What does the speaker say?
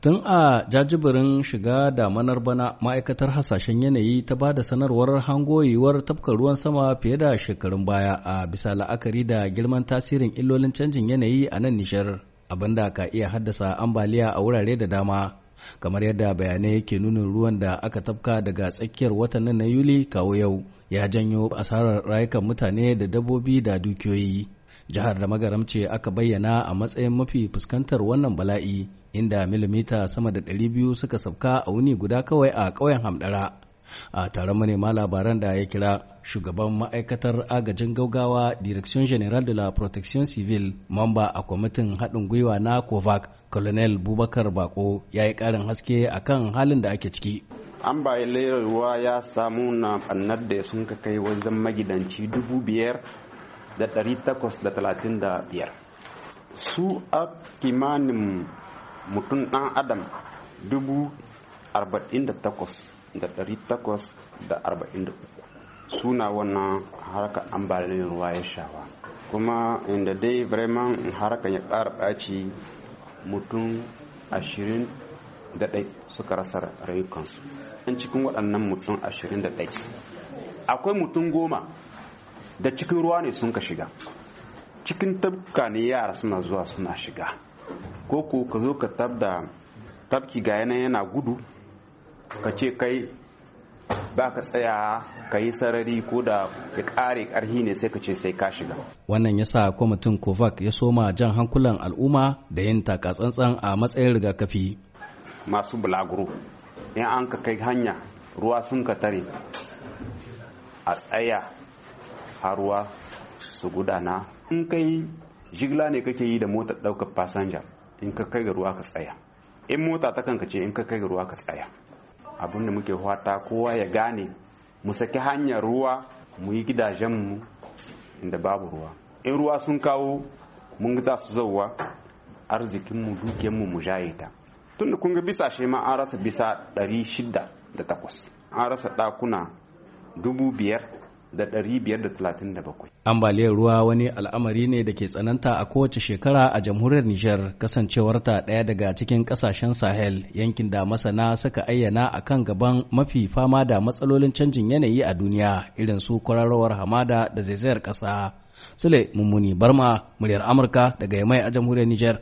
Tun a jajibirin shiga da manar bana ma'aikatar hasashen yanayi ta ba da sanarwar hangoyiwar tafka ruwan sama fiye da shekarun baya a bisa la'akari da girman tasirin illolin canjin yanayi a nan nishar abinda ka iya haddasa ambaliya a wurare da dama kamar yadda bayanai ke nuna ruwan da aka tafka daga tsakiyar watan na yuli kawo yau ya janyo asarar rayukan mutane da dabbobi da dukiyoyi jihar da magaram aka bayyana a matsayin mafi fuskantar wannan bala'i inda milimita sama da 200 suka sabka a wuni guda kawai a ƙauyen hamdara a taron manema labaran da ya kira shugaban ma'aikatar agajin gaugawa direction general de la protection civile mamba a kwamitin haɗin gwiwa na kovac colonel bubakar bako ya yi ƙarin haske akan halin da ake ciki an bayi ruwa ya samu na fannar da sun kai wajen magidanci dubu biyar da su a kimanin mutum ɗan adam 48,843 suna wannan an ambaliyar ruwa ya shawa kuma inda dai bremen harkar ya ƙara ɓaci mutum 21 suka rasa rayukansu an cikin waɗannan mutum 21 akwai mutum goma da cikin ruwa ne sun ka shiga cikin tabka ne yara suna zuwa suna shiga ko ko ka zo ka tabda tabki ga yanayi yana gudu ka ce kai ba ka tsaya ka yi sarari ko da ya ƙare ƙarhi ne sai ka ce sai ka shiga. Wannan ya sa kwamitin Kovac ya soma jan hankulan al'umma da yin takatsantsan a matsayin rigakafi. Masu bulaguro, in an ka kai hanya ruwa sun ka tare a tsaya haruwa su gudana in kai jigila ne kake yi da motar ɗaukar fasanja in ka kai ga ruwa ka tsaya in mota ta kanka ce in ka kai ga ruwa ka tsaya abin da muke hwata kowa ya gane mu saki hanyar ruwa mu yi gidajenmu inda babu ruwa in ruwa sun kawo mun za su zauwa arzikinmu dukiyarmu mu jaye ta tunda kun ga bisa ma an rasa bisa da takwas. an rasa ɗakuna dubu biyar da 537. Ambaliyar ruwa wani al'amari ne da ke tsananta a kowace shekara a jamhuriyar Nijar kasancewarta ɗaya daga cikin ƙasashen Sahel yankin da masana suka ayyana a kan gaban mafi fama da matsalolin canjin yanayi a duniya irin su kwararowar hamada da zaizayar ƙasa. Sule Mummuni Barma, muryar Amurka daga Yamai a jamhuriyar Nijar.